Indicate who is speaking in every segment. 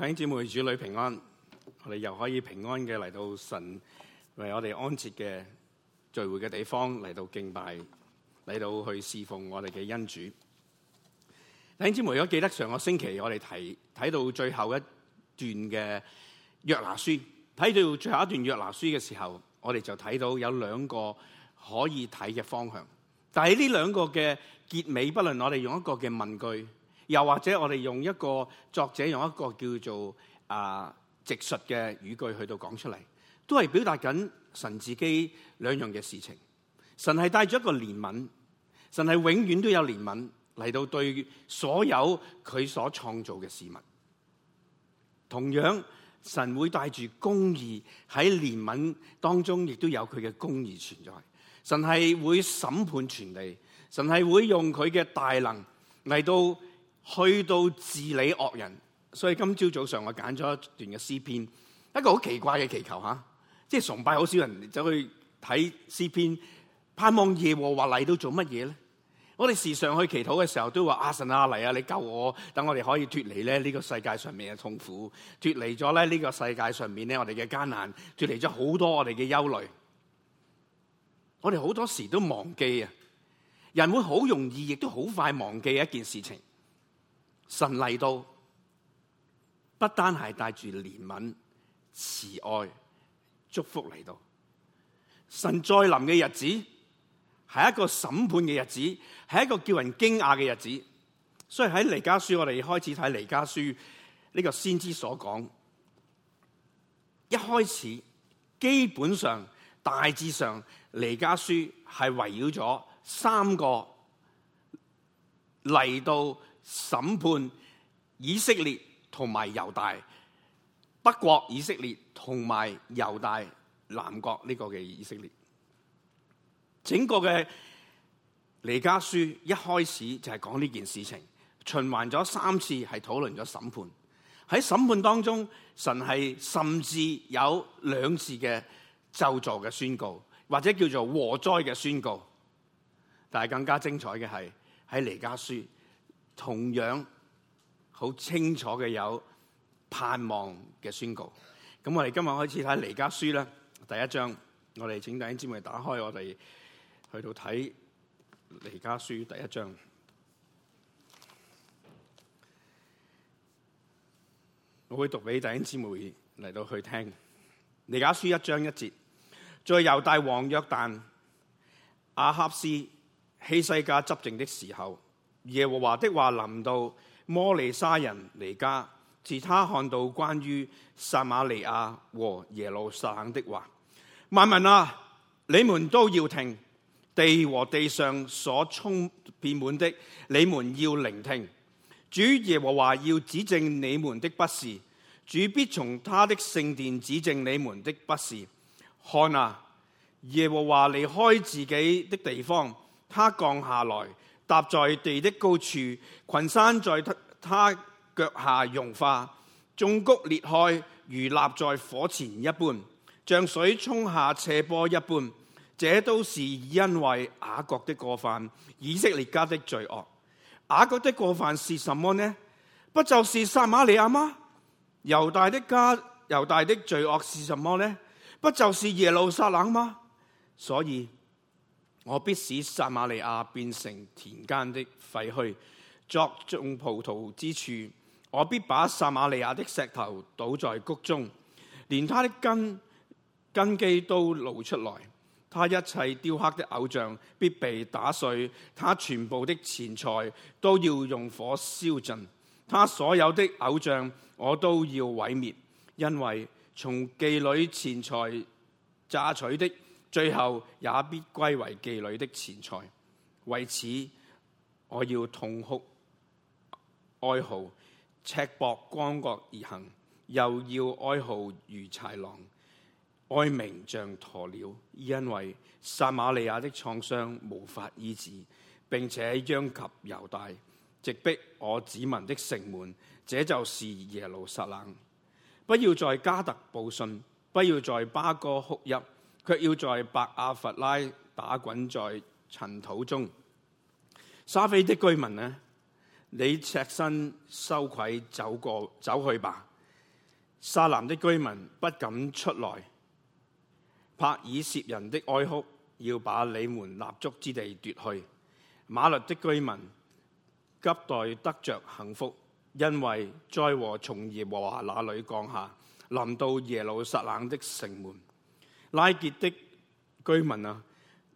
Speaker 1: 弟兄姊妹、主女平安，我哋又可以平安嘅嚟到神為我哋安設嘅聚會嘅地方嚟到敬拜，嚟到去侍奉我哋嘅恩主。弟兄姊妹，如果記得上個星期我哋提睇到最後一段嘅約拿書，睇到最後一段約拿書嘅時候，我哋就睇到有兩個可以睇嘅方向。但係呢兩個嘅結尾，不論我哋用一個嘅問句。又或者我哋用一個作者用一個叫做啊直述嘅語句去到講出嚟，都係表達緊神自己兩樣嘅事情。神係帶住一個憐憫，神係永遠都有憐憫嚟到對所有佢所創造嘅事物。同樣，神會帶住公義喺憐憫當中，亦都有佢嘅公義存在。神係會審判全地，神係會用佢嘅大能嚟到。去到治理惡人，所以今朝早上我揀咗一段嘅詩篇，一個好奇怪嘅祈求吓，即係崇拜，好少人走去睇詩篇，盼望耶和華嚟到做乜嘢咧？我哋時常去祈禱嘅時候都說，都話阿神阿、啊、嚟啊，你救我，等我哋可以脫離咧呢個世界上面嘅痛苦，脫離咗咧呢個世界上面咧我哋嘅艱難，脫離咗好多我哋嘅憂慮。我哋好多時都忘記啊，人會好容易，亦都好快忘記一件事情。神嚟到，不單係帶住憐憫、慈愛、祝福嚟到。神再臨嘅日子係一個審判嘅日子，係一個叫人驚訝嘅日子。所以喺彌迦書，我哋開始睇彌迦書呢個先知所講。一開始，基本上大致上彌迦書係圍繞咗三個嚟到。審判以色列同埋猶大，北國以色列同埋猶大南國呢個嘅以色列，整個嘅彌迦書一開始就係講呢件事情，循環咗三次係討論咗審判。喺審判當中，神係甚至有兩次嘅咒詛、嘅宣告，或者叫做禍災嘅宣告。但係更加精彩嘅係喺彌迦書。同樣好清楚嘅有盼望嘅宣告。咁我哋今日開始睇《彌迦書》啦，第一章。我哋請弟兄姐妹打開，我哋去到睇《彌迦書》第一章。我，我，章我會讀俾弟兄姐妹嚟到去聽《彌迦書》一章一節。在猶大王約坦、亞哈斯、希西家執政的時候，耶和華的話臨到摩利沙人彌迦，是他看到關於撒瑪利亞和耶路撒冷的話。萬民啊，你們都要聽，地和地上所充遍滿的，你們要聆聽。主耶和華要指證你們的不是，主必從他的聖殿指證你們的不是。看啊，耶和華離開自己的地方，他降下來。踏在地的高處，群山在他腳下融化，眾谷裂開如蠟在火前一般，像水沖下斜坡一般。這都是因為雅各的過犯，以色列家的罪惡。雅各的過犯是什麼呢？不就是撒瑪利亞嗎？猶大的家，猶大的罪惡是什麼呢？不就是耶路撒冷嗎？所以，我必使撒瑪利亞變成田間的廢墟，作種葡萄之處。我必把撒瑪利亞的石頭倒在谷中，連他的根根基都露出來。他一切雕刻的偶像必被打碎，他全部的錢財都要用火燒盡。他所有的偶像我都要毀滅，因為從妓女錢財榨取的。最後也必歸為妓女的錢財。為此，我要痛哭哀號，赤膊光腳而行，又要哀號如豺狼，哀鳴像鴕鳥，因為撒瑪利亞的創傷無法醫治，並且殃及猶大，直逼我子民的城門。這就是耶路撒冷。不要在加特報信，不要在巴哥哭泣。卻要在伯亞弗拉打滾在塵土中。沙菲的居民呢？你赤身羞愧走過走去吧。撒南的居民不敢出來。帕爾涉人的哀哭要把你們立足之地奪去。馬律的居民急待得着幸福，因為災禍從耶和華那裏降下，臨到耶路撒冷的城門。拉杰的居民啊，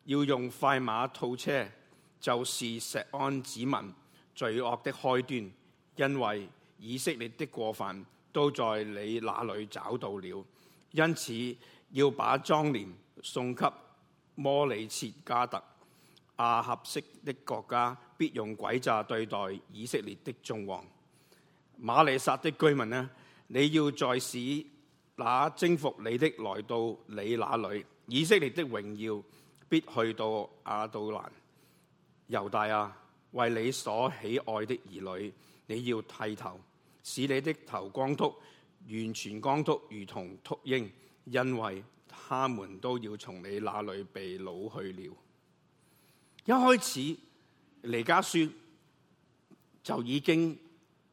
Speaker 1: 要用快馬套車，就是錫安子民罪惡的開端。因為以色列的過犯都在你那裏找到了，因此要把妝奩送給摩里切加特阿合色的國家，必用詭詐對待以色列的眾王。馬里薩的居民啊，你要在使。那征服你的來到你那裏，以色列的榮耀必去到亞杜蘭。猶大啊，為你所喜愛的兒女，你要剃頭，使你的頭光禿，完全光禿，如同禿鷹，因為他們都要從你那裏被老去了。一開始，彌迦書就已經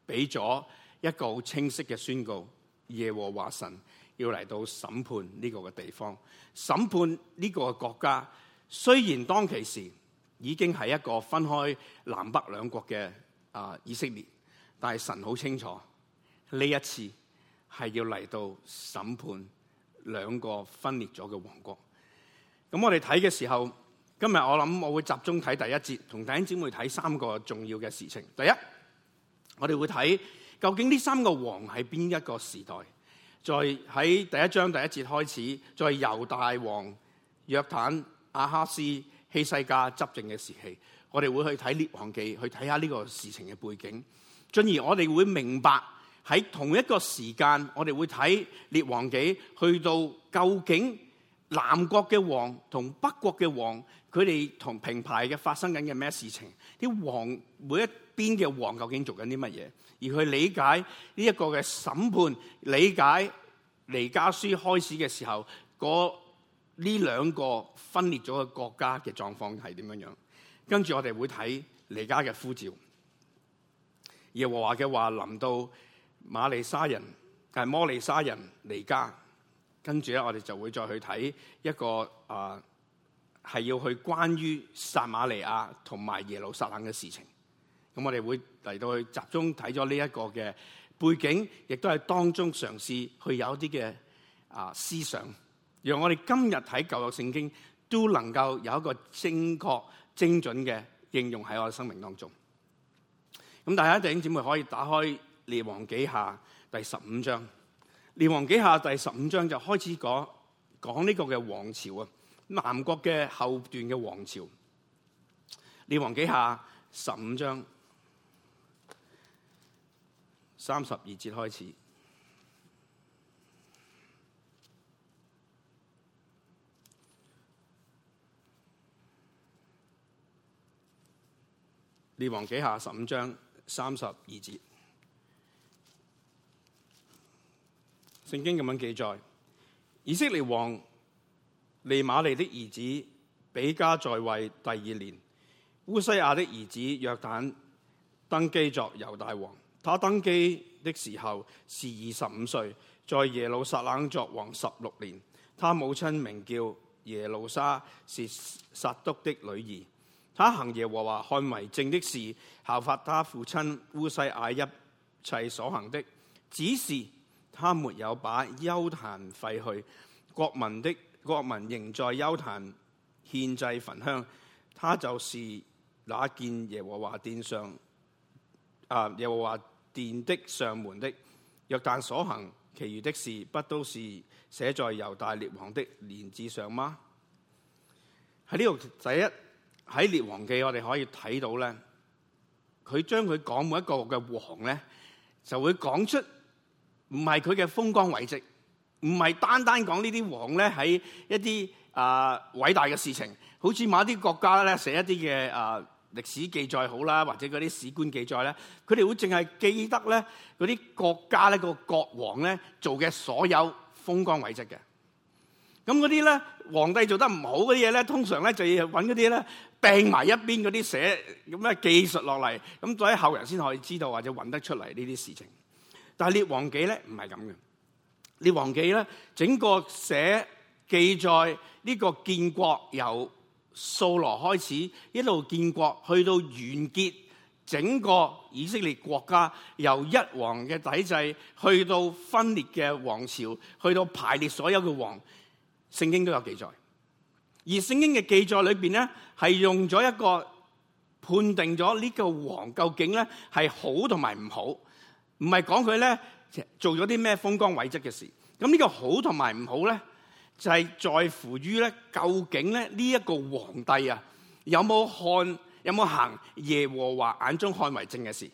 Speaker 1: 俾咗一個清晰嘅宣告：耶和華神。要嚟到審判呢個嘅地方，審判呢個國家。雖然當其時已經係一個分開南北兩國嘅啊以色列，但係神好清楚呢一次係要嚟到審判兩個分裂咗嘅王國。咁我哋睇嘅時候，今日我諗我會集中睇第一節，同弟兄姊妹睇三個重要嘅事情。第一，我哋會睇究竟呢三個王喺邊一個時代。再喺第一章第一節開始，在猶大王約坦、亞哈斯、希西家執政嘅時期，我哋會去睇《列王記》，去睇下呢個事情嘅背景。進而我哋會明白喺同一個時間，我哋會睇《列王記》，去到究竟南國嘅王同北國嘅王，佢哋同平排嘅發生緊嘅咩事情？啲王每。一。邊嘅王究竟做緊啲乜嘢？而去理解呢一個嘅審判，理解彌迦書開始嘅時候，個呢兩個分裂咗嘅國家嘅狀況係點樣樣？跟住我哋會睇彌迦嘅呼召，耶和華嘅話，的話臨到摩利沙人，係摩利沙人彌迦。跟住咧，我哋就會再去睇一個啊，係要去關於撒瑪利亞同埋耶路撒冷嘅事情。咁我哋會嚟到去集中睇咗呢一個嘅背景，亦都係當中嘗試去有一啲嘅啊思想，讓我哋今日睇舊約聖經都能夠有一個正確、精準嘅應用喺我哋生命當中。咁大家弟兄姊妹可以打開列王紀下第十五章，列王紀下第十五章就開始講講呢個嘅王朝啊，南國嘅後段嘅王朝。列王紀下十五章。三十二節開始，列王紀下十五章三十二節，聖經咁樣記載：以色列王利瑪利的兒子比加在位第二年，烏西亞的兒子約坦登基作猶大王。他登基的時候是二十五歲，在耶路撒冷作王十六年。他母親名叫耶路沙，是撒督的女兒。他行耶和華看為正的事，效法他父親烏西亞一切所行的，只是他沒有把邱壇廢去。國民的國民仍在邱壇獻祭焚香。他就是那建耶和華殿上啊耶和華。殿的上門的，約坦所行，其餘的事不都是寫在猶大列王的年誌上嗎？喺呢度，第一喺列王紀，我哋可以睇到咧，佢將佢講每一個嘅王咧，就會講出唔係佢嘅豐功偉績，唔係單單講這些呢啲王咧喺一啲啊、呃、偉大嘅事情，好似某啲國家咧寫一啲嘅啊。呃歷史記載好啦，或者嗰啲史官記載咧，佢哋會淨係記得咧嗰啲國家咧個國王咧做嘅所有風光偉績嘅。咁嗰啲咧皇帝做得唔好啲嘢咧，通常咧就要揾嗰啲咧掟埋一邊嗰啲寫咁嘅技術落嚟，咁再喺後人先可以知道或者揾得出嚟呢啲事情。但係《列王記》咧唔係咁嘅，《列王記》咧整個寫記載呢個建國有。掃羅開始一路建國，去到完結，整個以色列國家由一王嘅體制，去到分裂嘅王朝，去到排列所有嘅王，聖經都有記載。而聖經嘅記載裏邊咧，係用咗一個判定咗呢個王究竟咧係好同埋唔好，唔係講佢咧做咗啲咩風光偉績嘅事。咁、這、呢個好同埋唔好咧？就係在乎於咧，究竟咧呢一個皇帝啊，有冇看有冇行耶和華眼中看為正嘅事？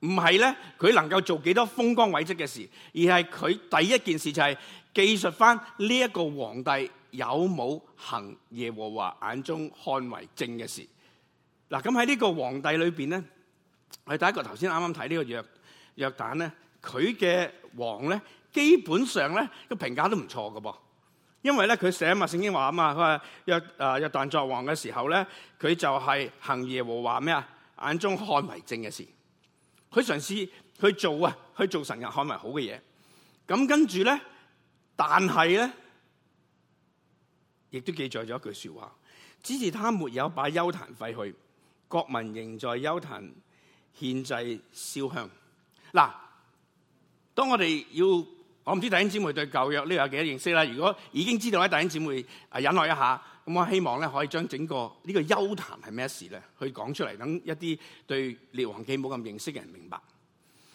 Speaker 1: 唔係咧，佢能夠做幾多風光偉績嘅事，而係佢第一件事就係記述翻呢一個皇帝有冇行耶和華眼中看為正嘅事。嗱，咁喺呢個皇帝裏邊咧，我哋第一個頭先啱啱睇呢個約約坦咧，佢嘅王咧。基本上咧，個評價都唔錯嘅噃，因為咧佢寫《寫嘛聖經、呃、話》啊嘛，佢話約啊約坦作王嘅時候咧，佢就係行耶和華咩啊眼中看為正嘅事，佢嘗試去做啊，去做神人看為好嘅嘢。咁跟住咧，但係咧，亦都記載咗一句説話，只是他沒有把邱壇廢去，國民仍在邱壇獻祭燒香。嗱，當我哋要我唔知弟兄姊妹對舊約呢個有幾多認識啦。如果已經知道咧，弟兄姊妹啊忍耐一下，咁我希望咧可以將整個呢個休談係咩事咧，去講出嚟，等一啲對列王紀冇咁認識嘅人明白。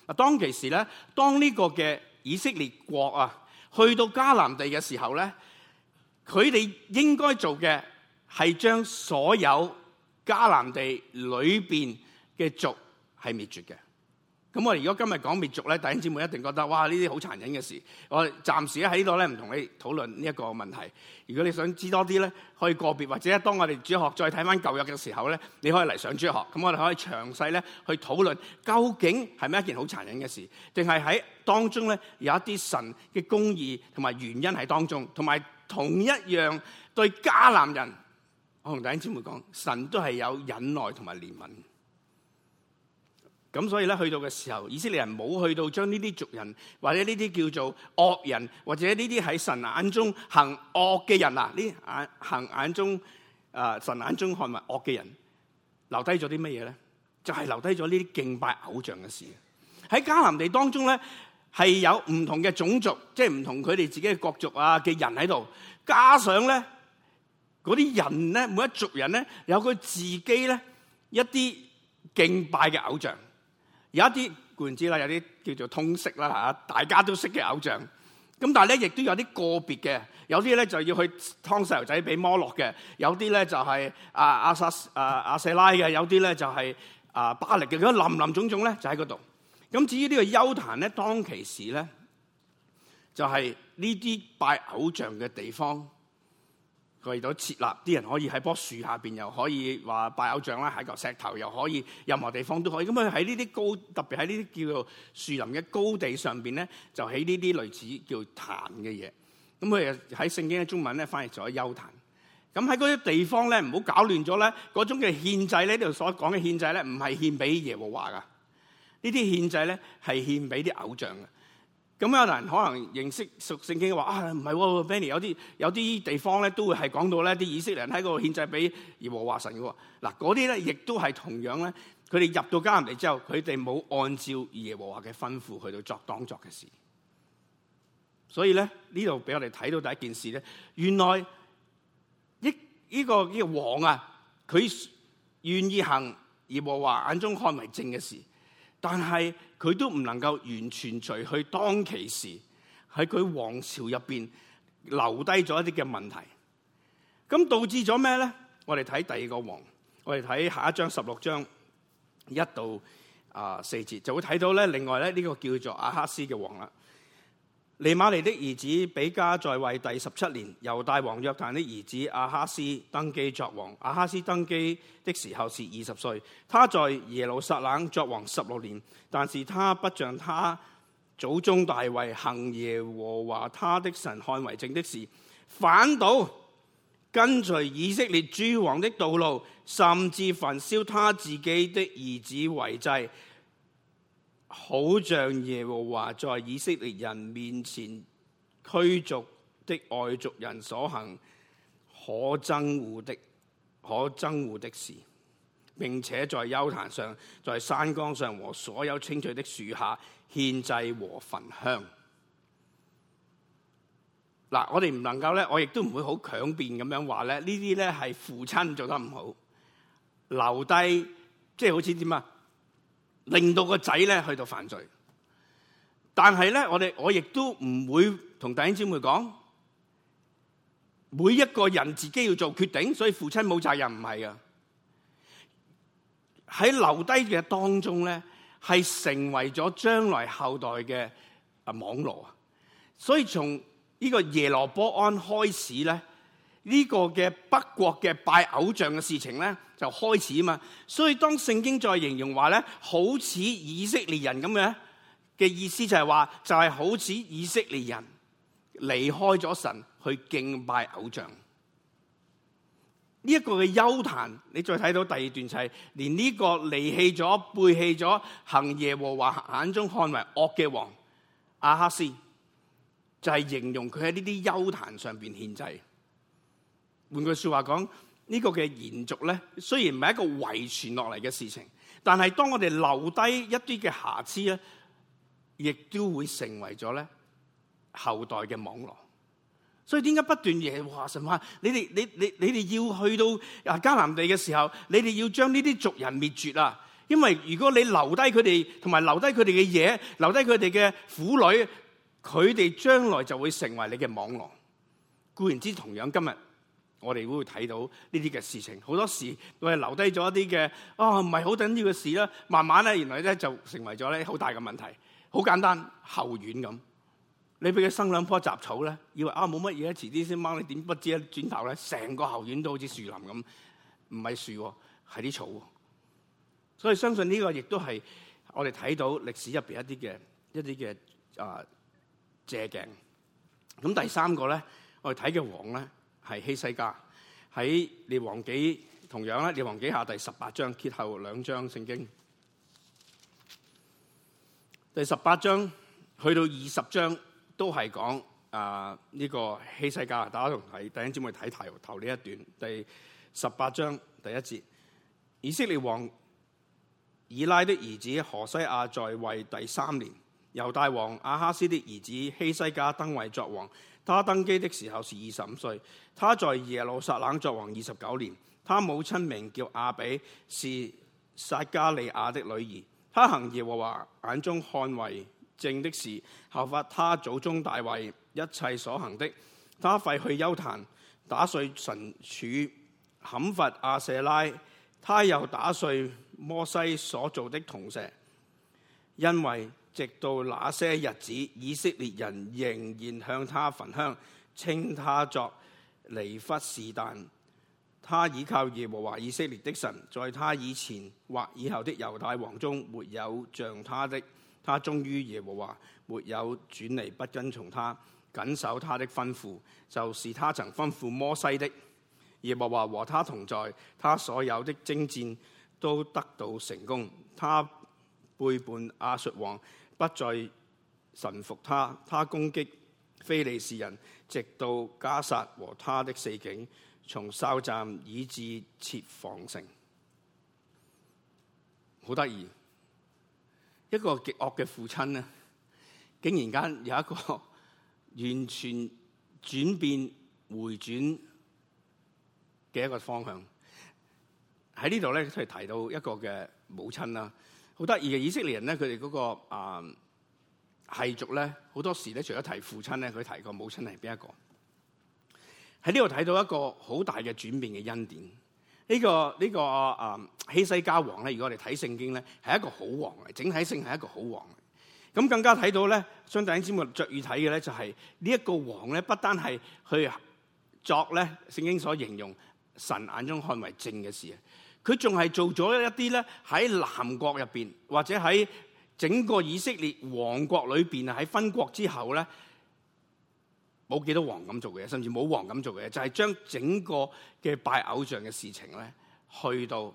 Speaker 1: 啊，當其時咧，當呢個嘅以色列國啊，去到迦南地嘅時候咧，佢哋應該做嘅係將所有迦南地裏邊嘅族系滅絕嘅。咁我哋如果今日講滅族咧，弟兄姊妹一定覺得哇，呢啲好殘忍嘅事。我暫時喺呢度咧唔同你討論呢一個問題。如果你想知多啲咧，可以個別或者當我哋主學再睇翻舊約嘅時候咧，你可以嚟上主學。咁我哋可以詳細咧去討論究竟係咪一件好殘忍嘅事，定係喺當中咧有一啲神嘅公義同埋原因喺當中，同埋同一樣對迦南人，我同弟兄姊妹講，神都係有忍耐同埋憐憫。咁所以咧，去到嘅時候，以色列人冇去到將呢啲族人或者呢啲叫做惡人，或者呢啲喺神眼中行惡嘅人啊，呢眼行眼中誒、呃、神眼中看為惡嘅人，留低咗啲乜嘢咧？就係、是、留低咗呢啲敬拜偶像嘅事喺迦南地當中咧，係有唔同嘅種族，即係唔同佢哋自己嘅國族啊嘅人喺度，加上咧嗰啲人咧，每一族人咧有佢自己咧一啲敬拜嘅偶像。有一啲，固然之啦，有啲叫做通識啦嚇，大家都識嘅偶像。咁但係咧，亦都有啲個別嘅，有啲咧就要去劏細路仔俾摩洛嘅，有啲咧就係阿阿撒阿阿舍拉嘅，有啲咧就係、是、啊巴力嘅。咁林林種種咧就喺嗰度。咁至於個呢個邱壇咧，當其時咧就係呢啲拜偶像嘅地方。為咗設立，啲人可以喺樖樹下邊，又可以話拜偶像啦；喺嚿石頭，又可以任何地方都可以。咁佢喺呢啲高，特別喺呢啲叫做樹林嘅高地上邊咧，就起呢啲類似叫壇嘅嘢。咁佢喺聖經嘅中文咧翻譯咗丘壇。咁喺嗰啲地方咧，唔好搞亂咗咧。嗰種嘅獻祭咧，呢度所講嘅獻祭咧，唔係獻俾耶和華噶。呢啲獻祭咧係獻俾啲偶像。咁有人可能認識熟聖經嘅話啊，唔係喎，Benny 有啲有啲地方咧都會係講到咧啲以色列人喺嗰度獻祭俾耶和華神嘅。嗱嗰啲咧亦都係同樣咧，佢哋入到迦南地之後，佢哋冇按照耶和華嘅吩咐去到作當作嘅事，所以咧呢度俾我哋睇到第一件事咧，原來一呢、這個嘅、這個、王啊，佢願意行耶和華眼中看為正嘅事。但係佢都唔能夠完全除去當其時喺佢王朝入邊留低咗一啲嘅問題，咁導致咗咩咧？我哋睇第二個王，我哋睇下一章十六章一到啊四節，就會睇到咧另外咧呢個叫做阿哈斯嘅王啦。利瑪利的兒子比加在位第十七年，猶大王約坦的兒子阿哈斯登基作王。阿哈斯登基的時候是二十歲，他在耶路撒冷作王十六年，但是他不像他祖宗大衛行耶和華他的神看為正的事，反倒跟隨以色列諸王的道路，甚至焚燒他自己的兒子為祭。好像耶和華在以色列人面前驅逐的外族人所行可憎惡的、可憎惡的事，並且在丘壇上、在山崗上和所有青翠的樹下獻祭和焚香。嗱，我哋唔能夠咧，我亦都唔會好強辯咁樣話咧，呢啲咧係父親做得唔好，留低即係好似點啊？令到個仔呢去到犯罪，但係呢我哋我亦都唔會同弟兄姊妹講，每一個人自己要做決定，所以父親冇責任，唔係啊？喺留低嘅當中呢，係成為咗將來後代嘅啊網絡啊，所以從呢個耶羅波安開始呢。呢個嘅北國嘅拜偶像嘅事情咧，就開始啊嘛。所以當聖經再形容話咧，好似以色列人咁嘅嘅意思就係話，就係、是、好似以色列人離開咗神去敬拜偶像。呢、這、一個嘅丘壇，你再睇到第二段就係、是，連呢個離棄咗、背棄咗行耶和華眼中看為惡嘅王亞哈斯，就係、是、形容佢喺呢啲丘壇上邊獻祭。換句説話講，呢、這個嘅延續咧，雖然唔係一個遺傳落嚟嘅事情，但係當我哋留低一啲嘅瑕疵咧，亦都會成為咗咧後代嘅網羅。所以點解不斷嘅話神話？你哋你你你哋要去到啊迦南地嘅時候，你哋要將呢啲族人滅絕啊！因為如果你留低佢哋，同埋留低佢哋嘅嘢，留低佢哋嘅婦女，佢哋將來就會成為你嘅網羅。固然之，同樣今日。我哋都會睇到呢啲嘅事情，好多時我哋留低咗一啲嘅啊，唔係好緊要嘅事啦。慢慢咧，原來咧就成為咗咧好大嘅問題。好簡單，後院咁，你俾佢生兩棵雜草咧，以為啊冇乜嘢，遲啲先掹。你點不知一轉頭咧，成個後院都好似樹林咁，唔係樹喎，係啲草。所以相信呢個亦都係我哋睇到歷史入邊一啲嘅一啲嘅啊借鏡。咁第三個咧，我哋睇嘅王咧。係希西家喺列王記同樣啦，列王記下第十八章揭後兩章聖經。第十八章去到二十章都係講啊呢、呃這個希西家，大家同睇，弟兄姊妹睇頭頭呢一段，第十八章第一節，以色列王以拉的兒子何西亞在位第三年，猶大王亞哈斯的兒子希西家登位作王。他登基的時候是二十五歲。他在耶路撒冷作王二十九年。他母親名叫阿比，是撒迦利亞的女兒。他行耶和華眼中看為正的事，效法他祖宗大衛一切所行的。他廢去邱壇，打碎神柱，砍伐亞舍拉。他又打碎摩西所做的銅蛇，因為，直到那些日子，以色列人仍然向他焚香，稱他作尼弗士但。他倚靠耶和華以色列的神，在他以前或以後的猶太王中，沒有像他的。他忠於耶和華，沒有轉離不跟從他，謹守他的吩咐，就是他曾吩咐摩西的。耶和華和他同在，他所有的征戰都得到成功。他背叛亞述王。不再臣服他，他攻擊非利士人，直到迦薩和他的四境，從哨站以至設防城。好得意，一個極惡嘅父親咧，竟然間有一個完全轉變回轉嘅一個方向。喺呢度咧，佢係提到一個嘅母親啦。好得意嘅以色列人咧，佢哋嗰個啊、嗯，係族咧，好多時咧，除咗提父親咧，佢提過母親係邊一個？喺呢度睇到一個好大嘅轉變嘅恩典。呢、呢個呢、呢個啊，希、嗯、西、西家王咧，如果我哋睇聖經咧，係一個好王嚟，整體性係一個好王嚟。咁更加睇到咧，相大英姊妹着意睇嘅咧，就係呢一個王咧，不單係去作咧聖經所形容神眼中看為正嘅事。佢仲係做咗一啲咧喺南國入邊，或者喺整個以色列王國裏邊啊，喺分國之後咧，冇幾多王咁做嘅嘢，甚至冇王咁做嘅嘢，就係將整個嘅拜偶像嘅事情咧，去到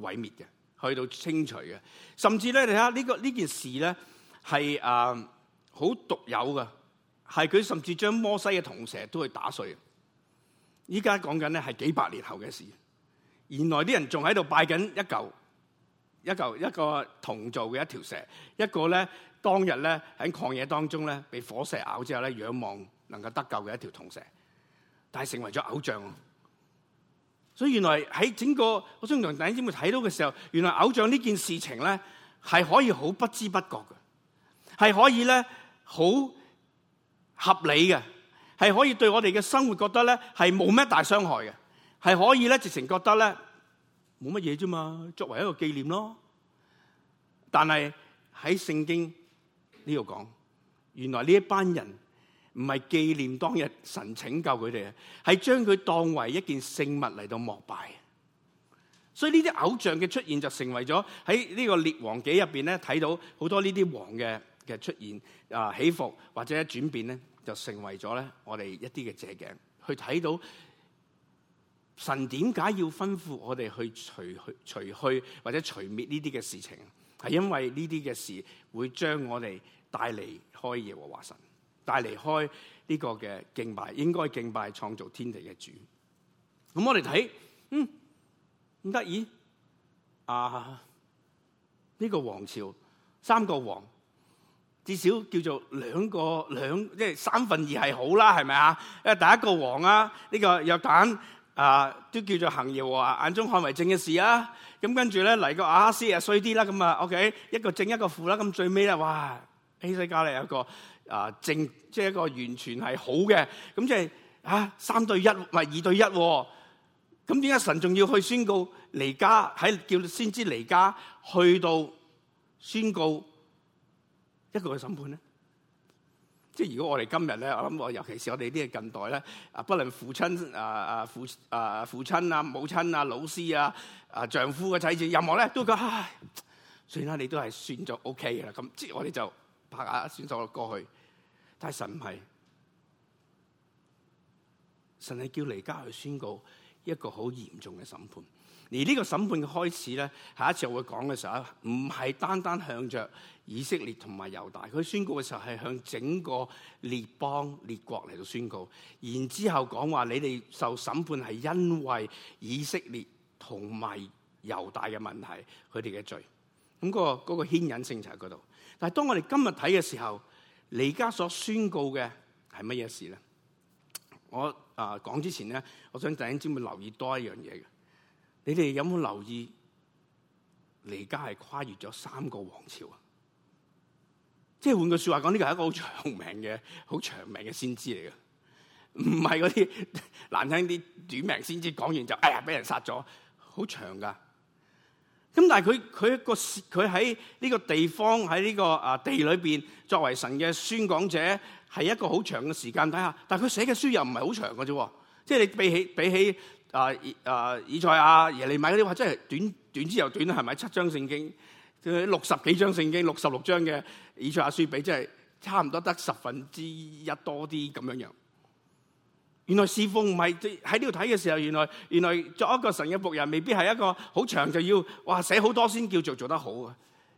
Speaker 1: 毀滅嘅，去到清除嘅，甚至咧你睇下呢個呢件事咧，係誒好獨有嘅，係佢甚至將摩西嘅銅蛇都去打碎的。依家講緊咧係幾百年後嘅事。原來啲人仲喺度拜緊一嚿一嚿一個銅造嘅一條蛇，一個咧當日咧喺曠野當中咧被火蛇咬之後咧仰望能夠得救嘅一條銅蛇，但係成為咗偶像。所以原來喺整個我想同大家先會睇到嘅時候，原來偶像呢件事情咧係可以好不知不覺嘅，係可以咧好合理嘅，係可以對我哋嘅生活覺得咧係冇咩大傷害嘅。係可以咧，直情覺得咧冇乜嘢啫嘛，作為一個紀念咯。但係喺聖經，呢度講，原來呢一班人唔係紀念當日神拯救佢哋啊，係將佢當為一件聖物嚟到膜拜。所以呢啲偶像嘅出現就成為咗喺呢個列王紀入邊咧睇到好多呢啲王嘅嘅出現啊、起伏或者轉變咧，就成為咗咧我哋一啲嘅借鏡去睇到。神點解要吩咐我哋去除去除去或者除滅呢啲嘅事情？係因為呢啲嘅事會將我哋帶離開耶和華神，帶離開呢個嘅敬拜，應該敬拜創造天地嘅主。咁我哋睇，嗯，唔得意啊！呢個王朝三個王，至少叫做兩個兩，即係三分二係好啦，係咪啊？因為第一個王啊，呢個約坦。啊，都叫做行耶和華眼中看為正嘅事啊！咁跟住咧嚟個亞哈斯又衰啲啦，咁啊，OK，一個正一個負啦，咁最尾咧，哇，希西家咧有一個啊正，即係一個完全係好嘅，咁即係啊三對一唔係二對一，啊，咁點解神仲要去宣告彌迦喺叫先知彌迦去到宣告一個嘅審判咧？即係如果我哋今日咧，我諗我尤其是我哋呢啲近代咧，啊，不論父親啊啊父啊父親啊、母親啊、老師啊、啊丈夫嘅妻子任何咧都講唉，算啦，你都係算咗 OK 嘅啦。咁即係我哋就拍下算數過去。但係神唔係，神係叫彌迦去宣告一個好嚴重嘅審判。而呢個審判嘅開始咧，下一次我會講嘅時候，唔係單單向着以色列同埋猶大，佢宣告嘅時候係向整個列邦列國嚟到宣告。然之後講話你哋受審判係因為以色列同埋猶大嘅問題，佢哋嘅罪，咁、嗰個、嗰個牽引性就喺度。但係當我哋今日睇嘅時候，彌迦所宣告嘅係乜嘢事咧？我啊、呃、講之前咧，我想第一先會留意多一樣嘢嘅。你哋有冇留意？彌迦係跨越咗三個王朝啊！即係換句説話講，呢個係一個好長命嘅、好長命嘅先知嚟嘅，唔係嗰啲難聽啲短命先知講完就哎呀俾人殺咗，好長噶。咁但係佢佢一個佢喺呢個地方喺呢個啊地裏邊作為神嘅宣講者，係一個好長嘅時間底下。但係佢寫嘅書又唔係好長嘅啫，即係你比起比起。啊！啊、uh, uh,！以賽亞耶利米嗰啲話真係短短之又短，係咪七章聖經？佢六十幾章聖經，六十六章嘅以賽亞書比真係差唔多得十分之一多啲咁樣樣。原來侍奉唔係喺呢度睇嘅時候，原來原來作一個神嘅僕人，未必係一個好長就要哇寫好多先叫做做得好啊！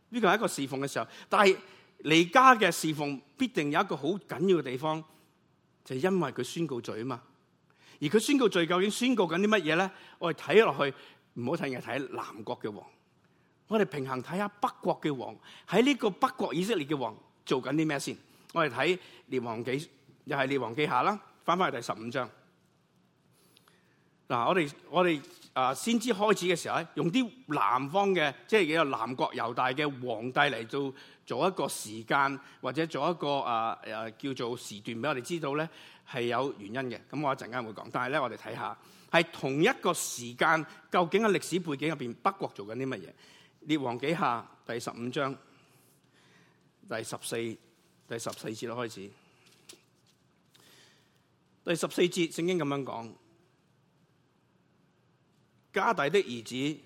Speaker 1: 呢個係一個侍奉嘅時候，但係彌迦嘅侍奉必定有一個好緊要嘅地方，就係、是、因為佢宣告罪啊嘛。而佢宣告罪，究竟宣告緊啲乜嘢咧？我哋睇落去，唔好睇人，睇南國嘅王，我哋平衡睇下北國嘅王，喺呢個北國以色列嘅王做緊啲咩先？我哋睇列王記，又係列王記下啦，翻翻去第十五章。嗱，我哋我哋啊，先知開始嘅時候咧，用啲南方嘅，即係幾個南國猶大嘅皇帝嚟做做一個時間，或者做一個啊啊叫做時段俾我哋知道咧。係有原因嘅，咁我一陣間會講。但係咧，我哋睇下係同一個時間，究竟喺歷史背景入邊，北國做緊啲乜嘢？列王紀下第十五章第十四、第十四節開始。第十四節聖經咁樣講：迦底的兒子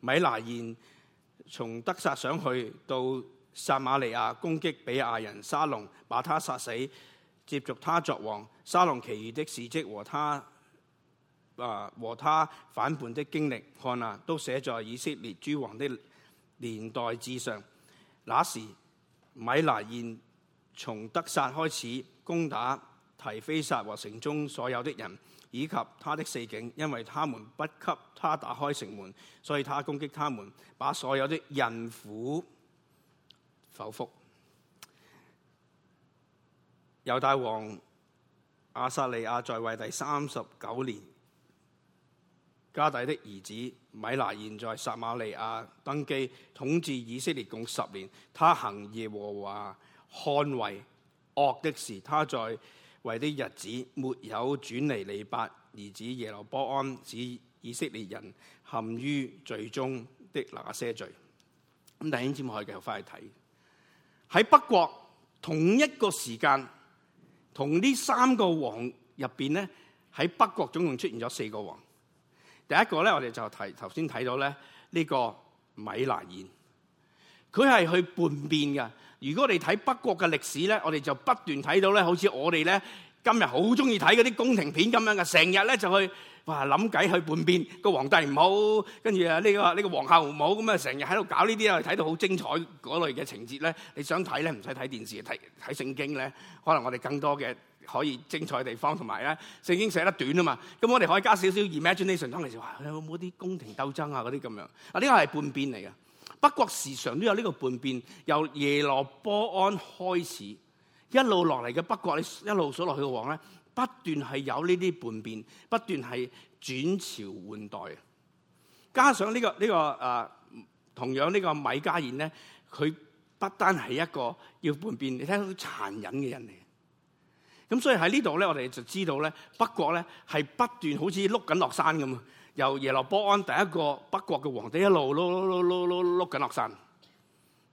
Speaker 1: 米拿現，從得撒上去到撒瑪利亞，攻擊比亞人沙龍，把他殺死。接續他作王，沙龍其餘的事蹟和他啊、呃、和他反叛的經歷，看啊都寫在以色列諸王的年代志上。那時米拿現從得撒開始攻打提非撒和城中所有的人，以及他的四境，因為他們不給他打開城門，所以他攻擊他們，把所有的孕婦剖腹。猶大王亞撒利亞在位第三十九年，家底的兒子米拿現在撒瑪利亞登基統治以色列共十年。他行耶和華看為惡的事，他在位的日子沒有轉離尼八兒子耶羅波安使以色列人陷於罪中的那些罪。咁大家先唔可以繼續翻去睇，喺北國同一個時間。同呢三個王入面呢，咧，喺北國總共出現咗四個王。第一個咧，我哋就睇頭先睇到咧，呢、這個米拿現，佢係去叛變嘅。如果我哋睇北國嘅歷史咧，我哋就不斷睇到咧，好似我哋咧今日好中意睇嗰啲宮廷片咁樣嘅，成日咧就去。哇！諗計去叛變個皇帝唔好，跟住啊呢個呢個皇后唔好，咁啊成日喺度搞呢啲啊，睇到好精彩嗰類嘅情節咧。你想睇咧，唔使睇電視，睇睇聖經咧，可能我哋更多嘅可以精彩地方同埋咧，聖經寫得短啊嘛。咁我哋可以加少少 imagination，可以話你有冇啲宮廷鬥爭啊嗰啲咁樣。啊，呢個係叛變嚟嘅。北國時常都有呢個叛變，由耶羅波安開始，一路落嚟嘅北國，你一路數落去嘅王咧。不斷係有呢啲叛變，不斷係轉朝換代。加上呢、這個呢、這個誒、呃，同樣呢個米拿現咧，佢不單係一個要叛變，你睇到好殘忍嘅人嚟。咁所以喺呢度咧，我哋就知道咧，北國咧係不斷好似碌緊落山咁。由耶羅波安第一個北國嘅皇帝一路碌碌碌碌碌碌緊落山。